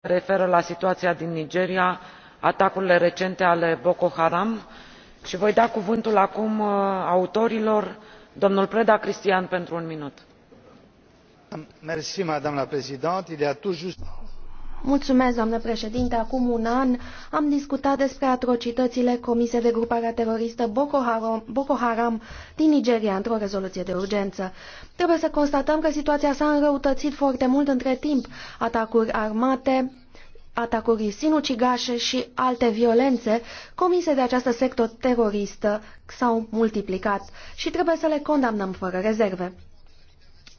referă la situația din nigeria atacurile recente ale boko haram și voi da cuvântul acum uh, autorilor domnul preda cristian pentru un minut. doamnă președintă Mulțumesc, doamnă președinte. Acum un an am discutat despre atrocitățile comise de gruparea teroristă Boko Haram, Boko Haram din Nigeria într-o rezoluție de urgență. Trebuie să constatăm că situația s-a înrăutățit foarte mult între timp. Atacuri armate, atacuri sinucigașe și alte violențe comise de această sectă teroristă s-au multiplicat și trebuie să le condamnăm fără rezerve.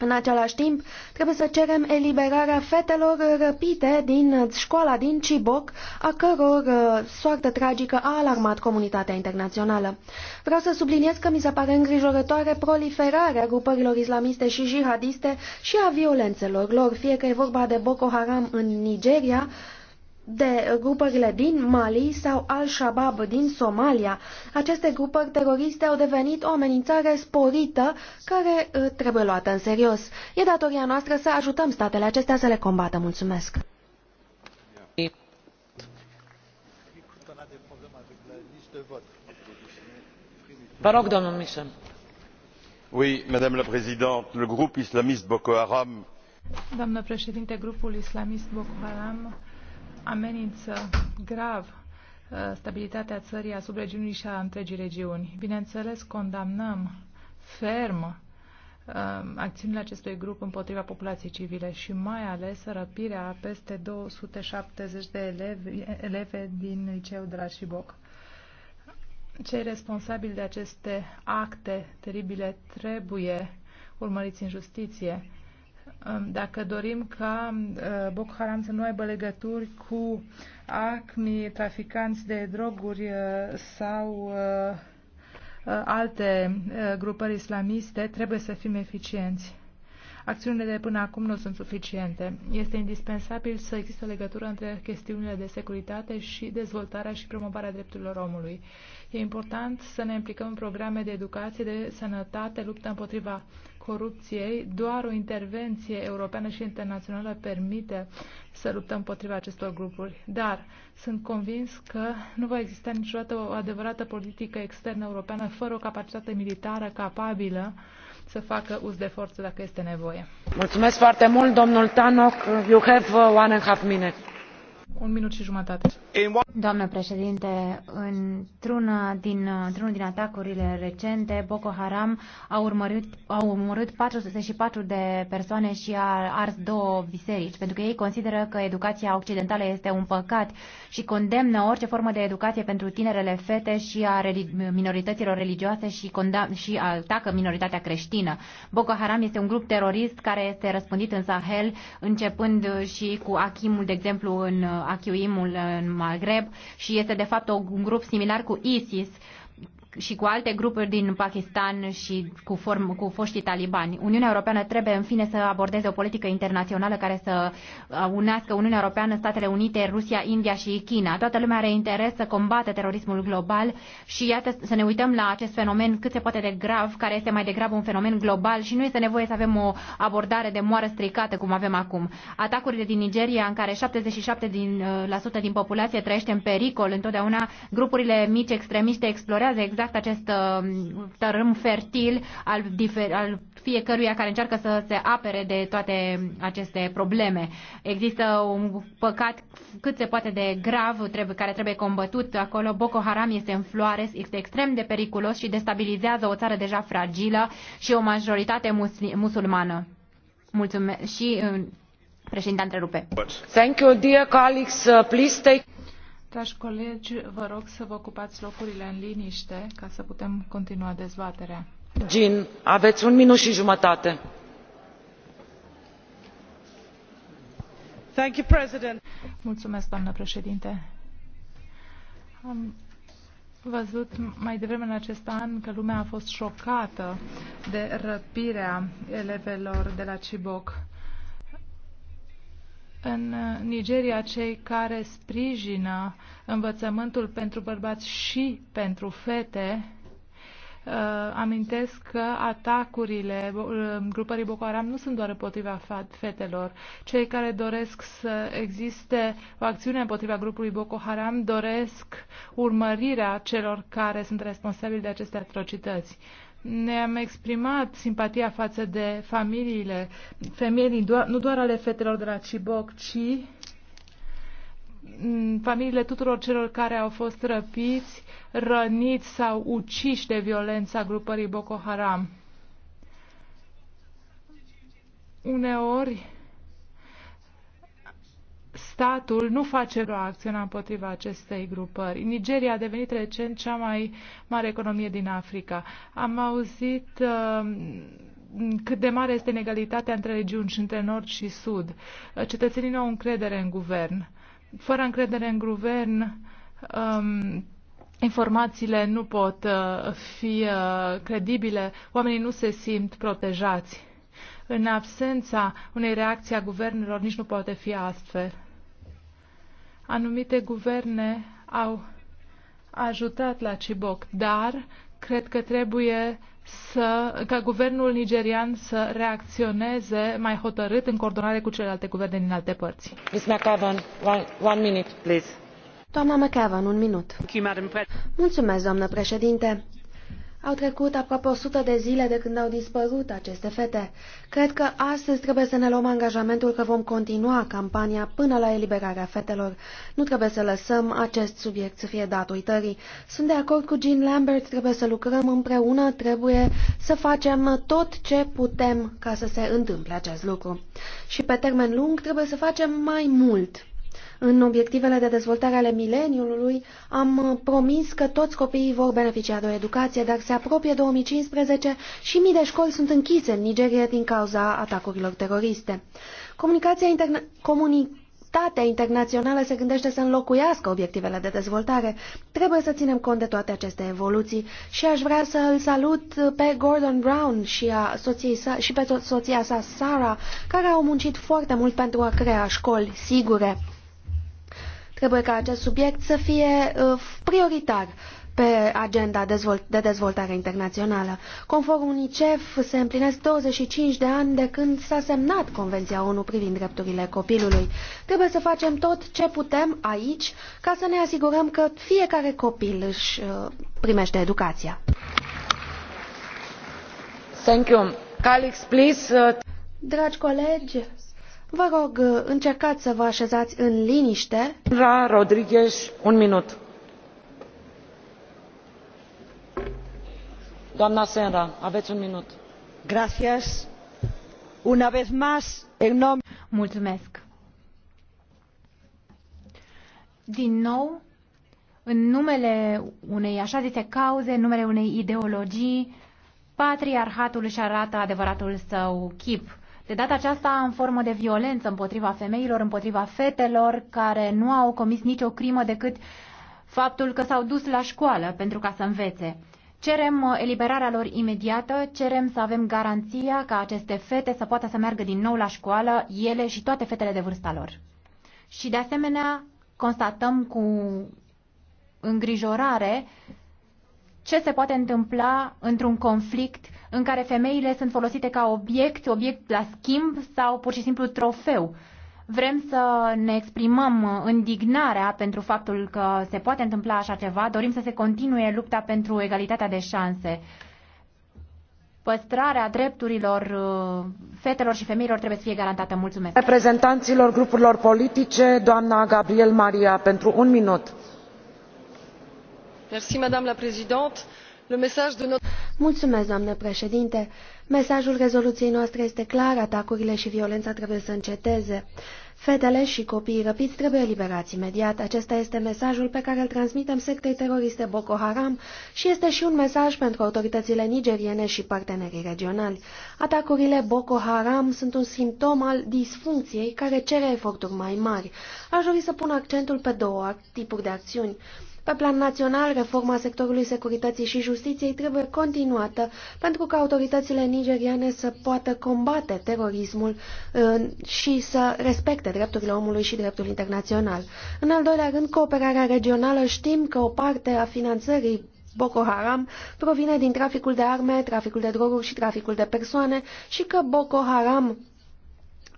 În același timp, trebuie să cerem eliberarea fetelor răpite din școala din Ciboc, a căror uh, soartă tragică a alarmat comunitatea internațională. Vreau să subliniez că mi se pare îngrijorătoare proliferarea grupărilor islamiste și jihadiste și a violențelor lor, fie că e vorba de Boko Haram în Nigeria, de grupările din Mali sau Al-Shabaab din Somalia. Aceste grupări teroriste au devenit o amenințare sporită care uh, trebuie luată în serios. E datoria noastră să ajutăm statele acestea să le combată. Mulțumesc! Vă rog, domnul Michel. Oui, Madame la Présidente, le groupe islamiste Boko Haram. Domnule președinte, grupul islamist Boko Haram amenință grav uh, stabilitatea țării, a subregiunii și a întregii regiuni. Bineînțeles, condamnăm ferm uh, acțiunile acestui grup împotriva populației civile și mai ales răpirea peste 270 de elevi, eleve din liceul de la Șiboc. Cei responsabili de aceste acte teribile trebuie urmăriți în justiție dacă dorim ca ă, Boko Haram să nu aibă legături cu acmi, traficanți de droguri ă, sau ă, alte grupări islamiste, trebuie să fim eficienți. Acțiunile de până acum nu sunt suficiente. Este indispensabil să există o legătură între chestiunile de securitate și dezvoltarea și promovarea drepturilor omului. E important să ne implicăm în programe de educație, de sănătate, luptă împotriva corupției, doar o intervenție europeană și internațională permite să luptăm împotriva acestor grupuri. Dar sunt convins că nu va exista niciodată o adevărată politică externă europeană fără o capacitate militară capabilă să facă uz de forță dacă este nevoie. Mulțumesc foarte mult, domnul Tanok. You have uh, one and a half minute. Un minut și jumătate. Doamnă președinte, într-una din, într-unul din atacurile recente, Boko Haram a, urmărit, a urmărit 464 de persoane și a ars două biserici, pentru că ei consideră că educația occidentală este un păcat și condemnă orice formă de educație pentru tinerele fete și a relig- minorităților religioase și, și atacă minoritatea creștină. Boko Haram este un grup terorist care este răspândit în Sahel, începând și cu Achimul, de exemplu, în Achiuimul în Maghreb și este de fapt un grup similar cu ISIS și cu alte grupuri din Pakistan și cu, form, cu foștii talibani. Uniunea Europeană trebuie, în fine, să abordeze o politică internațională care să uh, unească Uniunea Europeană, Statele Unite, Rusia, India și China. Toată lumea are interes să combată terorismul global și iată să ne uităm la acest fenomen cât se poate de grav, care este mai degrabă un fenomen global și nu este nevoie să avem o abordare de moară stricată cum avem acum. Atacurile din Nigeria, în care 77% din, uh, la din populație trăiește în pericol, întotdeauna grupurile mici extremiste explorează exact exact acest um, tărâm fertil al, al fiecăruia care încearcă să se apere de toate aceste probleme. Există un păcat cât se poate de grav trebuie, care trebuie combătut acolo. Boko Haram este în floare, este extrem de periculos și destabilizează o țară deja fragilă și o majoritate musli- musulmană. Mulțumesc. Și uh, președinte întrerupe. Thank you, dear colleagues. Uh, please take... Dragi colegi, vă rog să vă ocupați locurile în liniște ca să putem continua dezbaterea. Jean, aveți un minut și jumătate. Thank you, President. Mulțumesc, doamnă președinte. Am văzut mai devreme în acest an că lumea a fost șocată de răpirea elevelor de la Ciboc în uh, Nigeria cei care sprijină învățământul pentru bărbați și pentru fete. Uh, amintesc că atacurile uh, grupării Boko Haram nu sunt doar împotriva fetelor. Cei care doresc să existe o acțiune împotriva grupului Boko Haram doresc urmărirea celor care sunt responsabili de aceste atrocități ne-am exprimat simpatia față de familiile, femeii, nu doar ale fetelor de la Ciboc, ci mm, familiile tuturor celor care au fost răpiți, răniți sau uciși de violența grupării Boko Haram. Uneori, statul nu face o acțiune împotriva acestei grupări. Nigeria a devenit recent cea mai mare economie din Africa. Am auzit uh, cât de mare este inegalitatea între regiuni și între nord și sud. Cetățenii nu au încredere în guvern. Fără încredere în guvern, um, informațiile nu pot uh, fi uh, credibile, oamenii nu se simt protejați. În absența unei reacții a guvernelor nici nu poate fi astfel. Anumite guverne au ajutat la Ciboc, dar cred că trebuie să, ca guvernul nigerian să reacționeze mai hotărât în coordonare cu celelalte guverne din alte părți. Ms. McAvan, one, one minute, please. Doamna McAvan, un minut. Mulțumesc, doamnă președinte. Au trecut aproape sută de zile de când au dispărut aceste fete. Cred că astăzi trebuie să ne luăm angajamentul că vom continua campania până la eliberarea fetelor. Nu trebuie să lăsăm acest subiect să fie dat uitării. Sunt de acord cu Jean Lambert, trebuie să lucrăm împreună, trebuie să facem tot ce putem ca să se întâmple acest lucru. Și pe termen lung trebuie să facem mai mult. În obiectivele de dezvoltare ale mileniului am uh, promis că toți copiii vor beneficia de o educație, dar se apropie 2015 și mii de școli sunt închise în Nigeria din cauza atacurilor teroriste. Comunicația interna comunitatea internațională se gândește să înlocuiască obiectivele de dezvoltare. Trebuie să ținem cont de toate aceste evoluții și aș vrea să îl salut uh, pe Gordon Brown și, a soției sa, și pe soția sa, Sara, care au muncit foarte mult pentru a crea școli sigure. Trebuie ca acest subiect să fie uh, prioritar pe agenda de dezvoltare internațională. Conform UNICEF, se împlinesc 25 de ani de când s-a semnat Convenția ONU privind drepturile copilului. Trebuie să facem tot ce putem aici ca să ne asigurăm că fiecare copil își uh, primește educația. Thank you. Calix, please. Uh, Dragi colegi, Vă rog, uh, încercați să vă așezați în liniște. La Rodriguez, un minut. Doamna Senra, aveți un minut. Gracias. Una vez más, en nom... Mulțumesc. Din nou, în numele unei așa zise cauze, în numele unei ideologii, patriarhatul își arată adevăratul său chip. De data aceasta în formă de violență împotriva femeilor, împotriva fetelor care nu au comis nicio crimă decât faptul că s-au dus la școală pentru ca să învețe. Cerem uh, eliberarea lor imediată, cerem să avem garanția ca aceste fete să poată să meargă din nou la școală, ele și toate fetele de vârsta lor. Și de asemenea, constatăm cu îngrijorare ce se poate întâmpla într-un conflict în care femeile sunt folosite ca obiect, obiect la schimb sau pur și simplu trofeu. Vrem să ne exprimăm indignarea pentru faptul că se poate întâmpla așa ceva, dorim să se continue lupta pentru egalitatea de șanse. Păstrarea drepturilor uh, fetelor și femeilor trebuie să fie garantată. Mulțumesc. Reprezentanților grupurilor politice, doamna Gabriel Maria, pentru un minut. Mulțumesc, doamnă președinte. Mesajul rezoluției noastre este clar, atacurile și violența trebuie să înceteze. Fetele și copiii răpiți trebuie eliberați imediat. Acesta este mesajul pe care îl transmitem sectei teroriste Boko Haram și este și un mesaj pentru autoritățile nigeriene și partenerii regionali. Atacurile Boko Haram sunt un simptom al disfuncției care cere eforturi mai mari. Aș dori să pun accentul pe două tipuri de acțiuni. Pe plan național, reforma sectorului securității și justiției trebuie continuată pentru ca autoritățile nigeriane să poată combate terorismul uh, și să respecte drepturile omului și dreptul internațional. În al doilea rând, cooperarea regională știm că o parte a finanțării Boko Haram provine din traficul de arme, traficul de droguri și traficul de persoane și că Boko Haram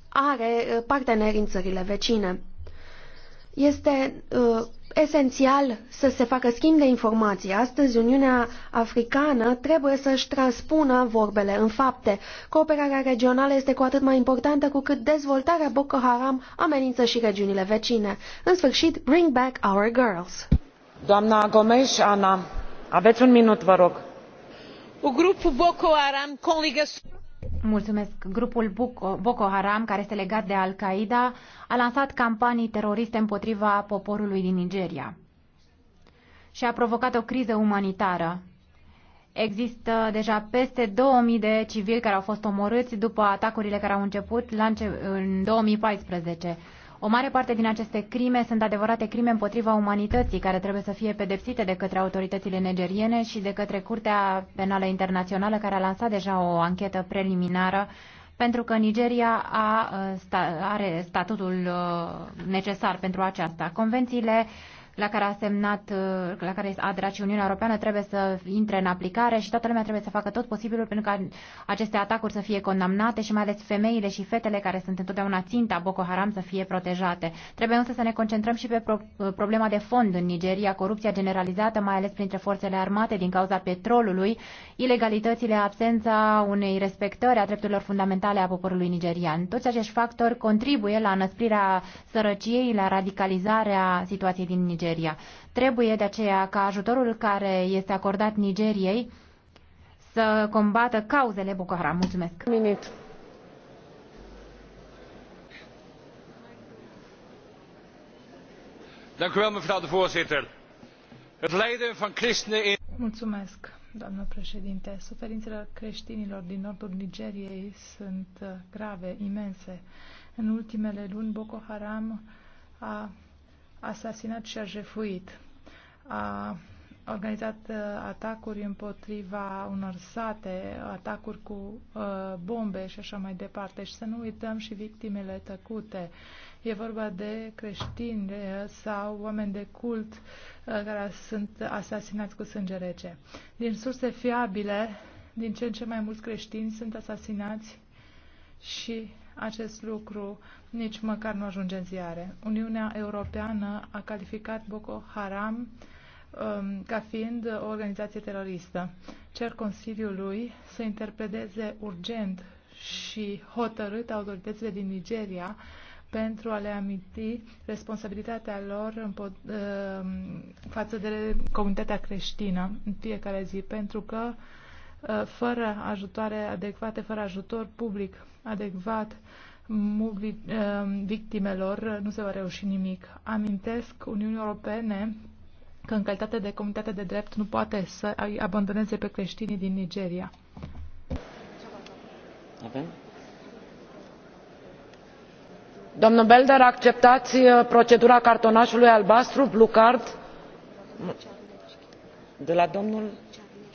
are uh, parteneri în țările vecine. Este uh, esențial să se facă schimb de informații. Astăzi, Uniunea Africană trebuie să-și transpună vorbele în fapte. Cooperarea regională este cu atât mai importantă cu cât dezvoltarea Boko Haram amenință și regiunile vecine. În sfârșit, bring back our girls! Doamna Gomes, Ana, aveți un minut, vă rog. O grup Boko Haram com Mulțumesc. Grupul Boko Haram, care este legat de Al-Qaeda, a lansat campanii teroriste împotriva poporului din Nigeria și a provocat o criză umanitară. Există deja peste 2000 de civili care au fost omorâți după atacurile care au început în 2014. O mare parte din aceste crime sunt adevărate crime împotriva umanității, care trebuie să fie pedepsite de către autoritățile nigeriene și de către Curtea Penală Internațională, care a lansat deja o anchetă preliminară pentru că Nigeria a, sta, are statutul uh, necesar pentru aceasta. Convențiile uh, la care a semnat, uh, la care a aderat și Uniunea Europeană trebuie să intre în aplicare și toată lumea trebuie să facă tot posibilul pentru ca aceste atacuri să fie condamnate și mai ales femeile și fetele care sunt întotdeauna ținta Boko Haram să fie protejate. Trebuie însă să ne concentrăm și pe pro uh, problema de fond în Nigeria, corupția generalizată, mai ales printre forțele armate din cauza petrolului, ilegalitățile, absența unei respectări a drepturilor fundamentale a poporului nigerian. Toți acești factori contribuie la năsprirea sărăciei, la radicalizarea situației din Nigeria. Nigeria. Trebuie de aceea ca ajutorul care este acordat Nigeriei să combată cauzele Boko Haram. Mulțumesc! Minute. Mulțumesc, doamnă președinte suferințele creștinilor din nordul nigeriei sunt uh, grave imense. în ultimele luni boko haram a asasinat și a jefuit. A organizat uh, atacuri împotriva unor sate, atacuri cu uh, bombe și așa mai departe. Și să nu uităm și victimele tăcute. E vorba de creștini uh, sau oameni de cult uh, care sunt asasinați cu sânge rece. Din surse fiabile, din ce în ce mai mulți creștini sunt asasinați și acest lucru nici măcar nu ajunge în ziare. Uniunea Europeană a calificat Boko Haram um, ca fiind o organizație teroristă. Cer Consiliului să interpreteze urgent și hotărât autoritățile din Nigeria pentru a le aminti responsabilitatea lor în pot, uh, față de comunitatea creștină în fiecare zi, pentru că uh, fără ajutoare adecvate, fără ajutor public adecvat ehm, victimelor, nu se va reuși nimic. Amintesc Uniunii Europene că în calitate de comunitate de drept nu poate să abandoneze pe creștinii din Nigeria. Avem? Domnul Belder, acceptați eh, procedura cartonașului albastru, blue card, de la domnul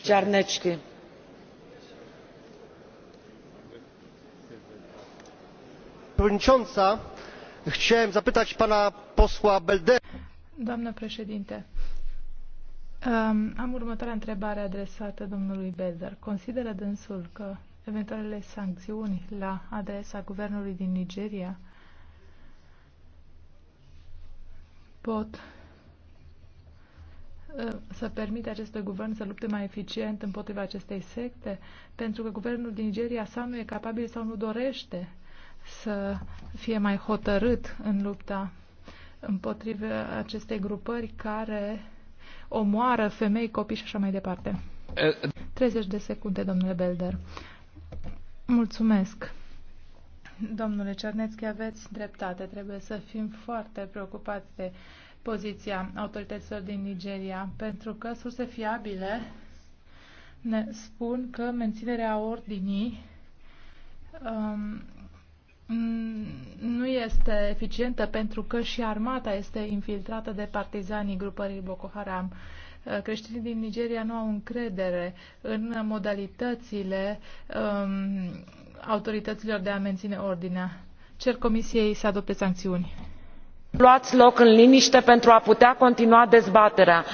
Cernecchi. przewodnicząca! chciałem zapytać pana posła beldera. doamnă președinte um, am următoarea întrebare adresată domnului belder. consideră dânsul că eventualele sancțiuni la adresa guvernului din nigeria pot uh, să permite acestui guvern să lupte mai eficient împotriva acestei secte, pentru că guvernul din Nigeria sau nu e capabil sau nu dorește să fie mai hotărât în lupta împotriva acestei grupări care omoară femei, copii și așa mai departe. 30 de secunde, domnule Belder. Mulțumesc. Domnule Cernețchi, aveți dreptate. Trebuie să fim foarte preocupați de poziția autorităților din Nigeria, pentru că surse fiabile ne spun că menținerea ordinii um, Mm, nu este eficientă pentru că și armata este infiltrată de partizanii grupării Boko Haram. Uh, creștinii din Nigeria nu au încredere în modalitățile um, autorităților de a menține ordinea. Cer Comisiei să adopte sancțiuni. Luați loc în liniște pentru a putea continua dezbaterea.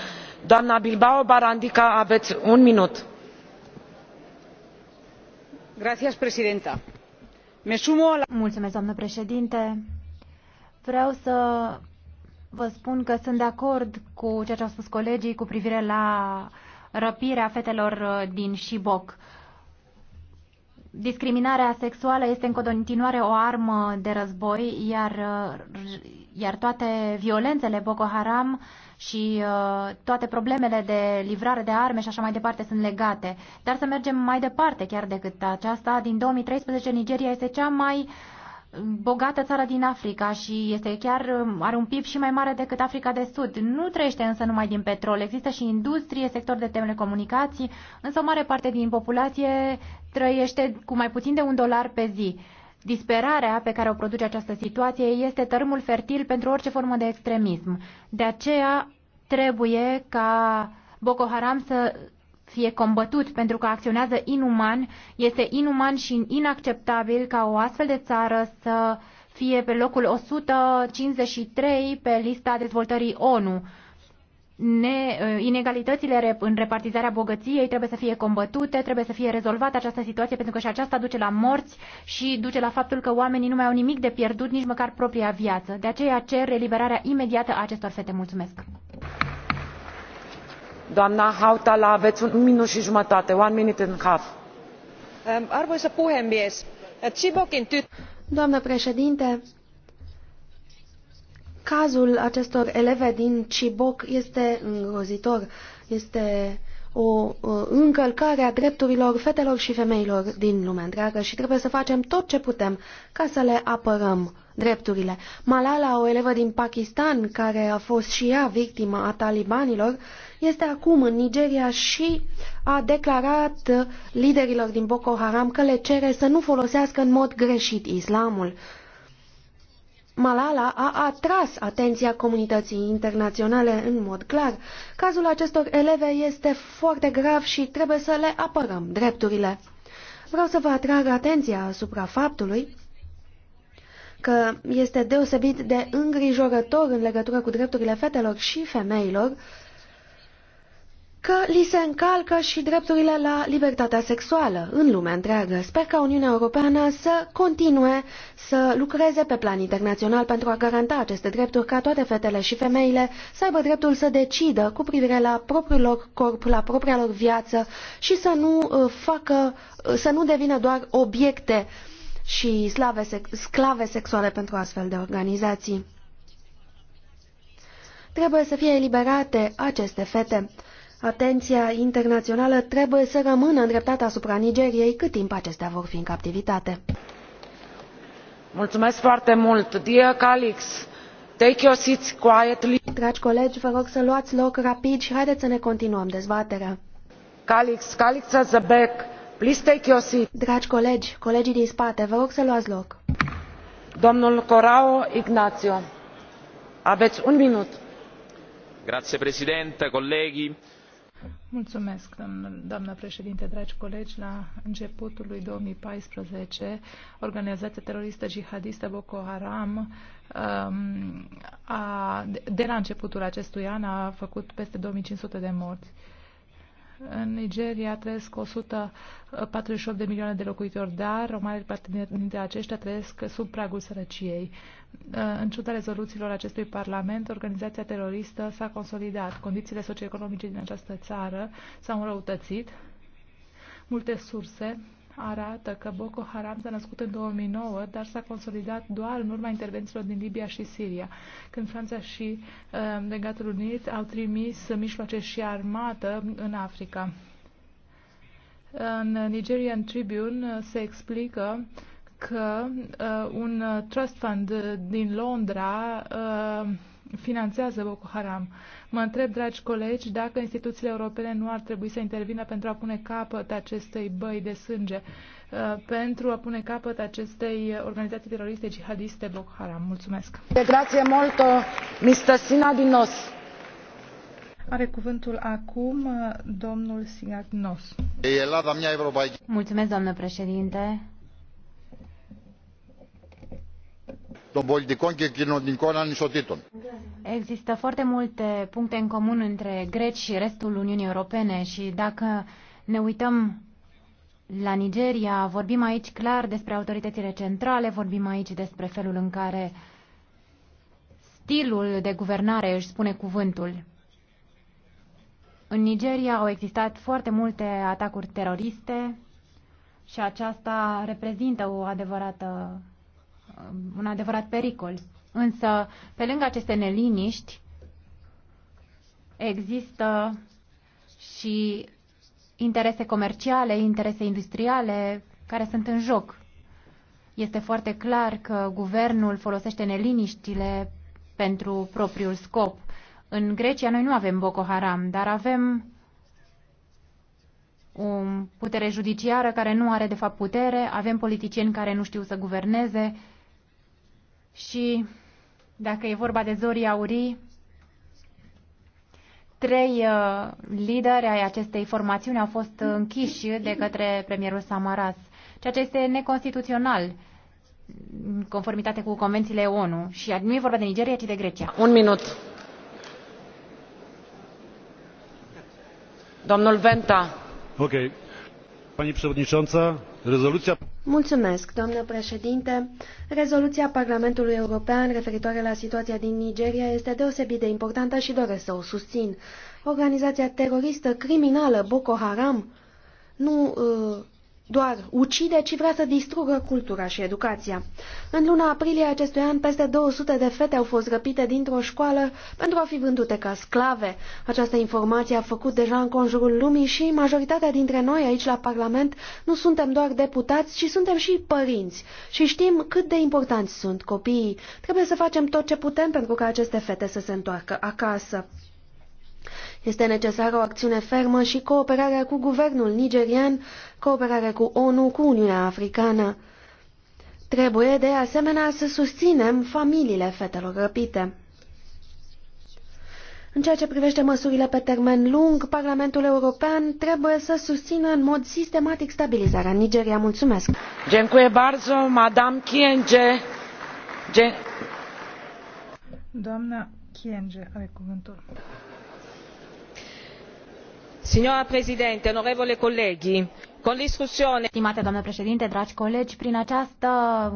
Doamna Bilbao Barandica, aveți un minut. Gracias, presidenta Mulțumesc, doamnă președinte. Vreau să vă spun că sunt de acord cu ceea ce au spus colegii cu privire la răpirea fetelor din Shibok. Discriminarea sexuală este în continuare o armă de război, iar, iar toate violențele Boko Haram și uh, toate problemele de livrare de arme și așa mai departe sunt legate. Dar să mergem mai departe chiar decât aceasta. Din 2013 Nigeria este cea mai uh, bogată țară din Africa și este chiar um, are un PIB și mai mare decât Africa de Sud. Nu trăiește însă numai din petrol, există și industrie, sector de telecomunicații, însă o mare parte din populație trăiește cu mai puțin de un dolar pe zi. Disperarea pe care o produce această situație este tărâmul fertil pentru orice formă de extremism. De aceea trebuie ca Boko Haram să fie combătut, pentru că acționează inuman. Este inuman și inacceptabil ca o astfel de țară să fie pe locul 153 pe lista dezvoltării ONU. Ne, uh, inegalitățile în repartizarea bogăției trebuie să fie combătute, trebuie să fie rezolvată această situație, pentru că și aceasta duce la morți și duce la faptul că oamenii nu mai au nimic de pierdut, nici măcar propria viață. De aceea cer eliberarea imediată a acestor fete. Mulțumesc! un minut și jumătate ehm, arvoisa puhemies Doamnă președinte, cazul acestor eleve din Chibok este îngrozitor. Este o încălcare a drepturilor fetelor și femeilor din lumea întreagă și trebuie să facem tot ce putem ca să le apărăm drepturile. Malala, o elevă din Pakistan, care a fost și ea victima a talibanilor, este acum în Nigeria și a declarat liderilor din Boko Haram că le cere să nu folosească în mod greșit islamul. Malala a atras atenția comunității internaționale în mod clar. Cazul acestor eleve este foarte grav și trebuie să le apărăm drepturile. Vreau să vă atrag atenția asupra faptului că este deosebit de îngrijorător în legătură cu drepturile fetelor și femeilor, că li se încalcă și drepturile la libertatea sexuală în lumea întreagă. Sper ca Uniunea Europeană să continue să lucreze pe plan internațional pentru a garanta aceste drepturi ca toate fetele și femeile să aibă dreptul să decidă cu privire la propriul lor corp, la propria lor viață și să nu uh, facă, uh, să nu devină doar obiecte uh, și slave, sclave sexuale pentru astfel de organizații. Trebuie să fie eliberate aceste fete. Atenția internațională trebuie să rămână îndreptată asupra Nigeriei cât timp acestea vor fi în captivitate. Mulțumesc foarte mult, dear Calix, Take your seats quietly. Dragi colegi, vă rog să luați loc rapid și haideți să ne continuăm dezbaterea. Calix, Calix at the back Dragi colegi, colegii din spate, vă rog să luați loc. Domnul Corao Ignacio, aveți un minut. Grazie, președinte, colegi. Mulțumesc, doamnă președinte, dragi colegi. La începutul lui 2014, organizația teroristă jihadistă Boko Haram um, a, de la începutul acestui an a făcut peste 2500 de morți. În Nigeria trăiesc 148 de milioane de locuitori, dar o mare parte dintre aceștia trăiesc sub pragul sărăciei. Uh, în ciuda rezoluțiilor acestui parlament, organizația teroristă s-a consolidat. Condițiile socioeconomice din această țară s-au înrăutățit. Multe surse arată că Boko Haram s-a născut în 2009, dar s-a consolidat doar în urma intervențiilor din Libia și Siria, când Franța și uh, Regatul Unit au trimis mijloace și armată în Africa. În Nigerian Tribune uh, se explică că uh, un uh, trust fund din Londra uh, finanțează Boko Haram. Mă întreb, dragi colegi, dacă instituțiile europene nu ar trebui să intervină pentru a pune capăt acestei băi de sânge, uh, pentru a pune capăt acestei organizații teroriste jihadiste Boko Haram. Mulțumesc! Grație mult, uh, Mr. Sina Dinos. Are cuvântul acum uh, domnul Sinat Nos. Mulțumesc, doamnă președinte των πολιτικών και κοινωνικών ανισοτήτων. Există foarte multe puncte în comun între greci și restul Uniunii Europene și dacă ne uităm la Nigeria, vorbim aici clar despre autoritățile centrale, vorbim aici despre felul în care stilul de guvernare își spune cuvântul. În Nigeria au existat foarte multe atacuri teroriste și aceasta reprezintă o adevărată Uh, un adevărat pericol. Însă, pe lângă aceste neliniști, există și interese comerciale, interese industriale care sunt în joc. Este foarte clar că guvernul folosește neliniștile pentru propriul scop. În Grecia noi nu avem Boko Haram, dar avem o putere judiciară care nu are de fapt putere, avem politicieni care nu știu să guverneze, și dacă e vorba de Zori Aurii, trei uh, lideri ai acestei formațiuni au fost închiși de către premierul Samaras, ceea ce este neconstituțional în conformitate cu convențiile ONU. Și nu e vorba de Nigeria, ci de Grecia. Un minut. Domnul Venta. Okay. Mulțumesc, doamnă președinte. Rezoluția Parlamentului European referitoare la situația din Nigeria este deosebit de importantă și doresc să o susțin. Organizația teroristă criminală Boko Haram nu uh, doar ucide, ci vrea să distrugă cultura și educația. În luna aprilie acestui an, peste 200 de fete au fost răpite dintr-o școală pentru a fi vândute ca sclave. Această informație a făcut deja în conjurul lumii și majoritatea dintre noi aici la Parlament nu suntem doar deputați, ci suntem și părinți și știm cât de importanți sunt copiii. Trebuie să facem tot ce putem pentru ca aceste fete să se întoarcă acasă. Este necesară o acțiune fermă și cooperarea cu guvernul nigerian cooperare cu ONU, cu Uniunea Africană. Trebuie de asemenea să susținem familiile fetelor răpite. În ceea ce privește măsurile pe termen lung, Parlamentul European trebuie să susțină în mod sistematic stabilizarea Nigeria. Mulțumesc! Dziękuję bardzo, Madame Kienge. Doamna Kienge are cuvântul. Signora Presidente, onorevole colleghi, Con Stimate doamnă președinte, dragi colegi, prin această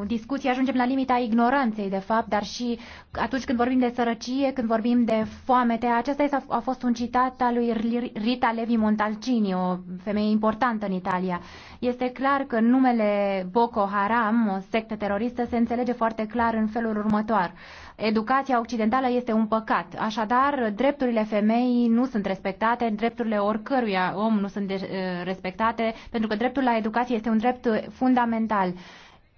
discuție ajungem la limita ignoranței, de fapt, dar și atunci când vorbim de sărăcie, când vorbim de foamete, acesta a fost un citat al lui Rita Levi Montalcini, o femeie importantă în Italia. Este clar că numele Boko Haram, o sectă teroristă, se înțelege foarte clar în felul următor. Educația occidentală este un păcat. Așadar, drepturile femeii nu sunt respectate, drepturile oricăruia om nu sunt eh, respectate, pentru că dreptul la educație este un drept fundamental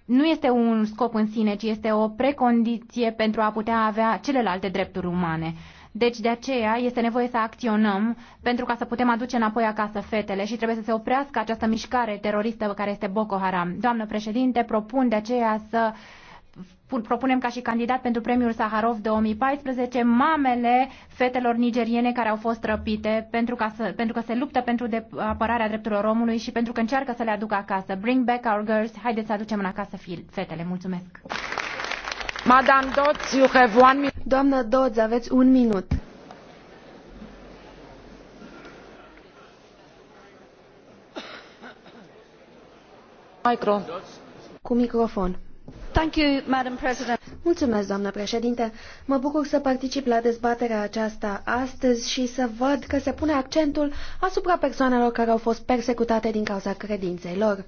nu este un scop în sine, ci este o precondiție pentru a putea avea celelalte drepturi umane. Deci de aceea este nevoie să acționăm pentru ca să putem aduce înapoi acasă fetele și trebuie să se oprească această mișcare teroristă care este Boko Haram. Doamnă președinte, propun de aceea să uh, propunem ca și candidat pentru premiul Saharov 2014 mamele fetelor nigeriene care au fost răpite pentru, ca să, pentru că se luptă pentru de, apărarea drepturilor omului și pentru că încearcă să le aducă acasă. Bring back our girls. Haideți să aducem în acasă fetele. Mulțumesc. Madame Dodds, you have one minute. Doamna Dodds, aveți un minut. Micro. Cu microfon. Mulțumesc, doamnă președinte. Mă bucur să particip la dezbaterea aceasta astăzi și să văd că se pune accentul asupra persoanelor care au fost persecutate din cauza credinței lor.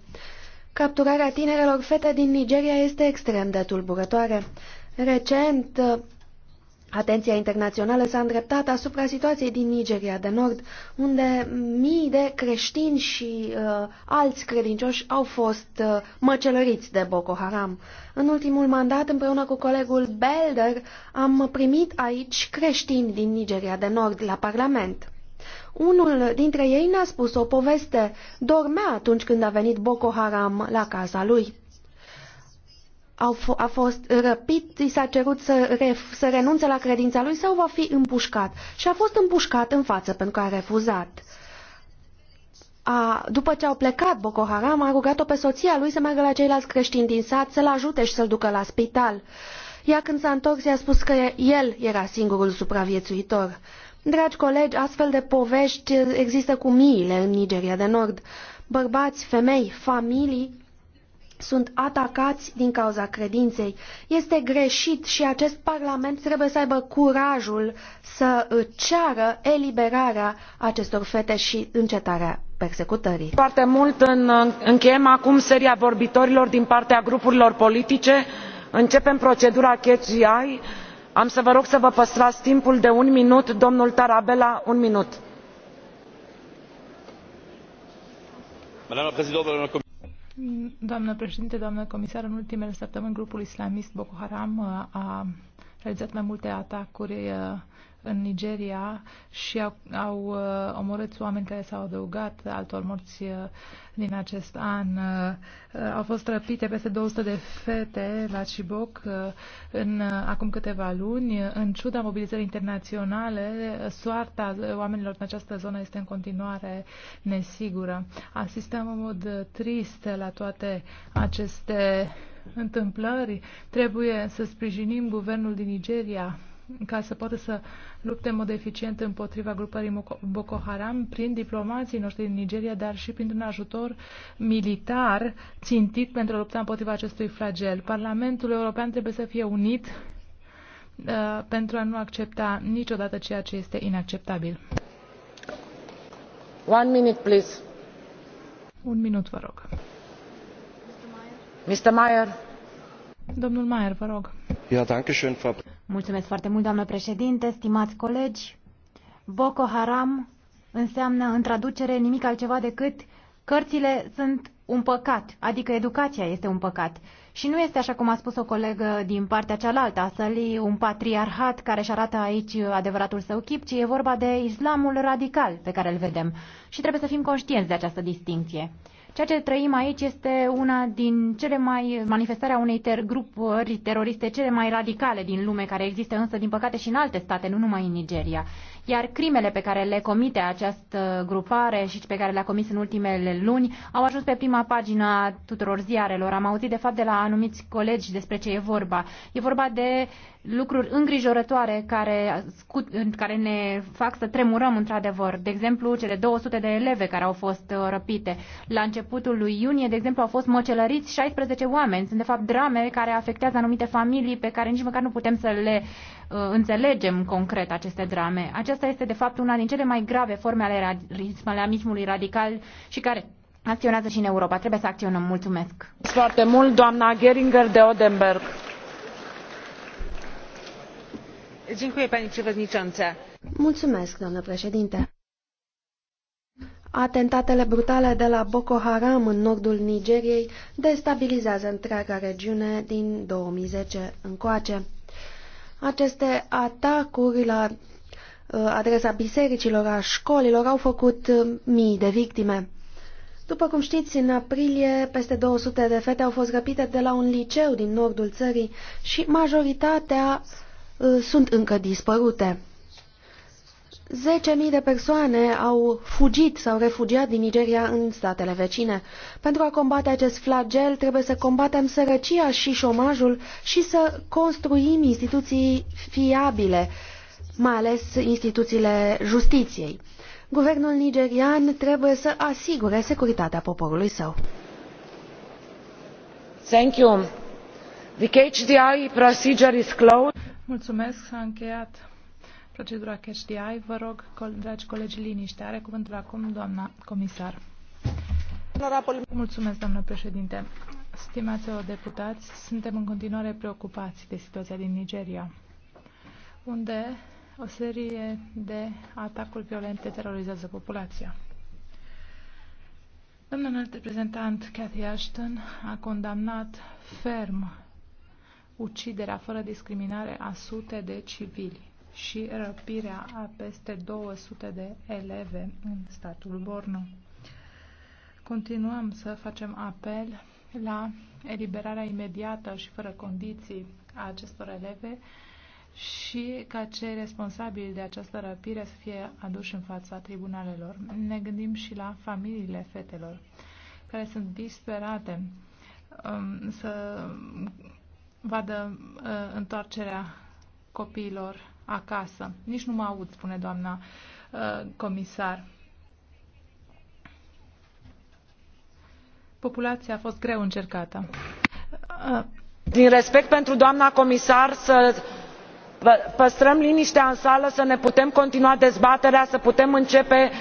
Capturarea tinerelor fete din Nigeria este extrem de tulburătoare. Recent, Atenția internațională s-a îndreptat asupra situației din Nigeria de Nord, unde mii de creștini și uh, alți credincioși au fost uh, măcelăriți de Boko Haram. În ultimul mandat, împreună cu colegul Belder, am primit aici creștini din Nigeria de Nord la Parlament. Unul dintre ei ne-a spus o poveste. Dormea atunci când a venit Boko Haram la casa lui au a fost răpit, i s-a cerut să, ref, să renunțe la credința lui sau va fi împușcat. Și a fost împușcat în față pentru că a refuzat. A, după ce au plecat Boko Haram, a rugat-o pe soția lui să meargă la ceilalți creștini din sat să-l ajute și să-l ducă la spital. Ea când s-a întors i-a spus că el era singurul supraviețuitor. Dragi colegi, astfel de povești există cu miile în Nigeria de Nord. Bărbați, femei, familii sunt atacați din cauza credinței. Este greșit și acest Parlament trebuie să aibă curajul să ceară eliberarea acestor fete și încetarea persecutării. Foarte mult în, încheiem acum seria vorbitorilor din partea grupurilor politice. Începem procedura KGI. Am să vă rog să vă păstrați timpul de un minut. Domnul Tarabella, un minut. Madame la Doamnă președinte, doamnă comisar, în ultimele săptămâni grupul islamist Boko Haram uh, a realizat mai multe atacuri uh, în Nigeria și au, au uh, omorât oameni care s-au adăugat altor morți uh, din acest an. Uh, uh au fost răpite peste 200 de fete la Chibok uh, în, uh, acum câteva luni. În ciuda mobilizării internaționale, soarta oamenilor în această zonă este în continuare nesigură. Asistăm în mod uh, trist la toate aceste întâmplări. Trebuie să sprijinim guvernul din Nigeria ca să poată să lupte în mod eficient împotriva grupării Boko Haram prin diplomații noștri din Nigeria, dar și prin un ajutor militar țintit pentru a lupta împotriva acestui flagel. Parlamentul European trebuie să fie unit uh, pentru a nu accepta niciodată ceea ce este inacceptabil. One minute, please. Un minut, vă rog. Mr. Mayer. Domnul Mayer, vă rog. Ja, danke schön, Frau Mulțumesc foarte mult, doamnă președinte, stimați colegi. Boko Haram înseamnă, în traducere, nimic altceva decât cărțile sunt un păcat, adică educația este un păcat. Și nu este, așa cum a spus o colegă din partea cealaltă a sălii, un patriarhat care își arată aici adevăratul său chip, ci e vorba de islamul radical pe care îl vedem. Și trebuie să fim conștienți de această distinție. Ceea ce trăim aici este una din cele mai manifestarea unei ter- grupuri teroriste cele mai radicale din lume, care există însă, din păcate, și în alte state, nu numai în Nigeria iar crimele pe care le comite această grupare și pe care le-a comis în ultimele luni au ajuns pe prima pagina tuturor ziarelor. Am auzit de fapt de la anumiți colegi despre ce e vorba. E vorba de lucruri îngrijorătoare care, care ne fac să tremurăm într-adevăr. De exemplu, cele 200 de eleve care au fost uh, răpite. La începutul lui iunie, de exemplu, au fost măcelăriți 16 oameni. Sunt de fapt drame care afectează anumite familii pe care nici măcar nu putem să le uh, Uh, înțelegem concret aceste drame. Aceasta este, de fapt, una din cele mai grave forme ale islamismului radical și care acționează și în Europa. Trebuie să acționăm. Mulțumesc! Foarte mult, doamna Geringer de Odenberg. Mulțumesc, doamnă președinte. Atentatele brutale de la Boko Haram în nordul Nigeriei destabilizează întreaga regiune din 2010 încoace. Aceste atacuri la uh, adresa bisericilor, a școlilor, au făcut uh, mii de victime. După cum știți, în aprilie, peste 200 de fete au fost răpite de la un liceu din nordul țării și majoritatea uh, sunt încă dispărute. 10.000 de persoane au fugit sau refugiat din Nigeria în statele vecine. Pentru a combate acest flagel, trebuie să combatem sărăcia și șomajul și să construim instituții fiabile, mai ales instituțiile justiției. Guvernul nigerian trebuie să asigure securitatea poporului său. Thank you. The KHDI procedure is closed. Mulțumesc, s-a încheiat Procedura Cash vă rog, dragi colegi, liniște. Are cuvântul acum doamna comisar. Mulțumesc, doamnă președinte. Stimați deputați, suntem în continuare preocupați de situația din Nigeria, unde o serie de atacuri violente terorizează populația. Domnul înalt reprezentant Cathy Ashton a condamnat ferm uciderea fără discriminare a sute de civili și răpirea a peste 200 de eleve în statul Borno. Continuăm să facem apel la eliberarea imediată și fără condiții a acestor eleve și ca cei responsabili de această răpire să fie aduși în fața tribunalelor. Ne gândim și la familiile fetelor care sunt disperate um, să vadă uh, întoarcerea copiilor acasă. Nici nu mă aud, spune doamna uh, comisar. Populația a fost greu încercată. Uh, Din respect pentru doamna comisar, să păstrăm liniștea în sală, să ne putem continua dezbaterea, să putem începe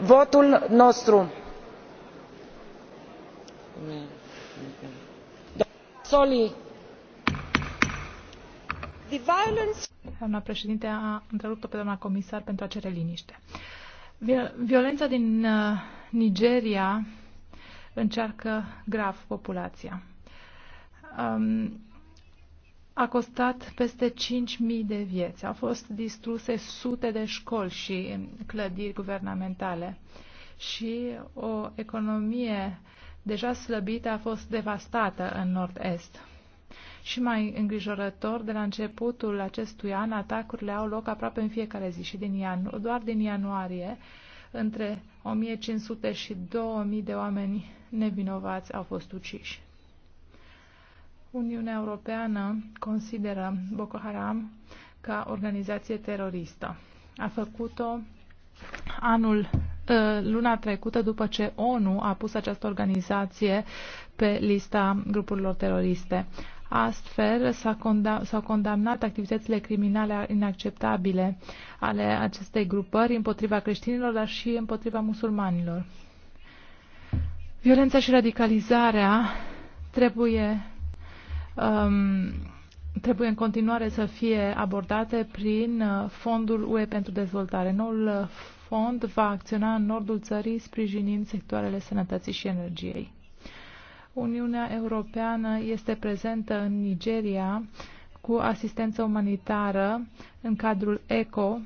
votul nostru. Soli. Doamna președinte a întrerupt-o pe doamna comisar pentru a cere liniște. Violența din uh, Nigeria încearcă grav populația. Um, a costat peste 5.000 de vieți. Au fost distruse sute de școli și clădiri guvernamentale. Și o economie deja slăbită a fost devastată în nord-est. Și mai îngrijorător, de la începutul acestui an, atacurile au loc aproape în fiecare zi și din ianu- doar din ianuarie, între 1500 și 2000 de oameni nevinovați au fost uciși. Uniunea Europeană consideră Boko Haram ca organizație teroristă. A făcut-o anul ă, luna trecută după ce ONU a pus această organizație pe lista grupurilor teroriste. Astfel s-au condamnat activitățile criminale inacceptabile ale acestei grupări împotriva creștinilor, dar și împotriva musulmanilor. Violența și radicalizarea trebuie, um, trebuie în continuare să fie abordate prin uh, fondul UE pentru dezvoltare. Noul uh, fond va acționa în nordul țării sprijinind sectoarele sănătății și energiei. Uniunea Europeană este prezentă în Nigeria cu asistență umanitară în cadrul ECO,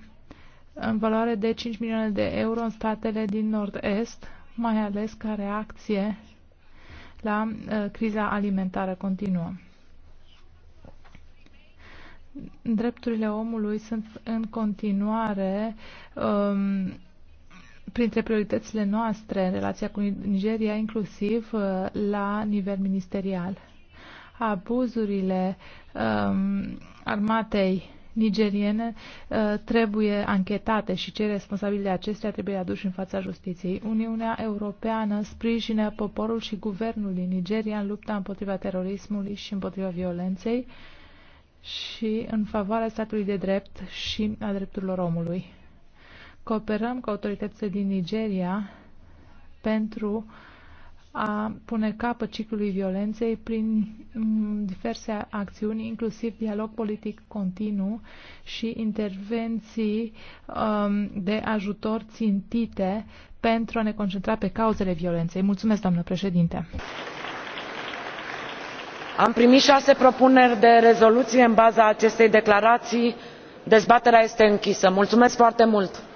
în valoare de 5 milioane de euro în statele din nord-est, mai ales ca reacție la uh, criza alimentară continuă. Drepturile omului sunt în continuare um, printre prioritățile noastre în relația cu Nigeria, inclusiv uh, la nivel ministerial. Abuzurile um, armatei nigeriene uh, trebuie anchetate și cei responsabili de acestea trebuie aduși în fața justiției. Uniunea Europeană sprijină poporul și guvernul din Nigeria în lupta împotriva terorismului și împotriva violenței și în favoarea statului de drept și a drepturilor omului. Cooperăm cu autoritățile din Nigeria pentru a pune capăt ciclului violenței prin mm, diverse acțiuni, inclusiv dialog politic continuu și intervenții um, de ajutor țintite pentru a ne concentra pe cauzele violenței. Mulțumesc, doamnă președinte! Am primit șase propuneri de rezoluție în baza acestei declarații. Dezbaterea este închisă. Mulțumesc foarte mult!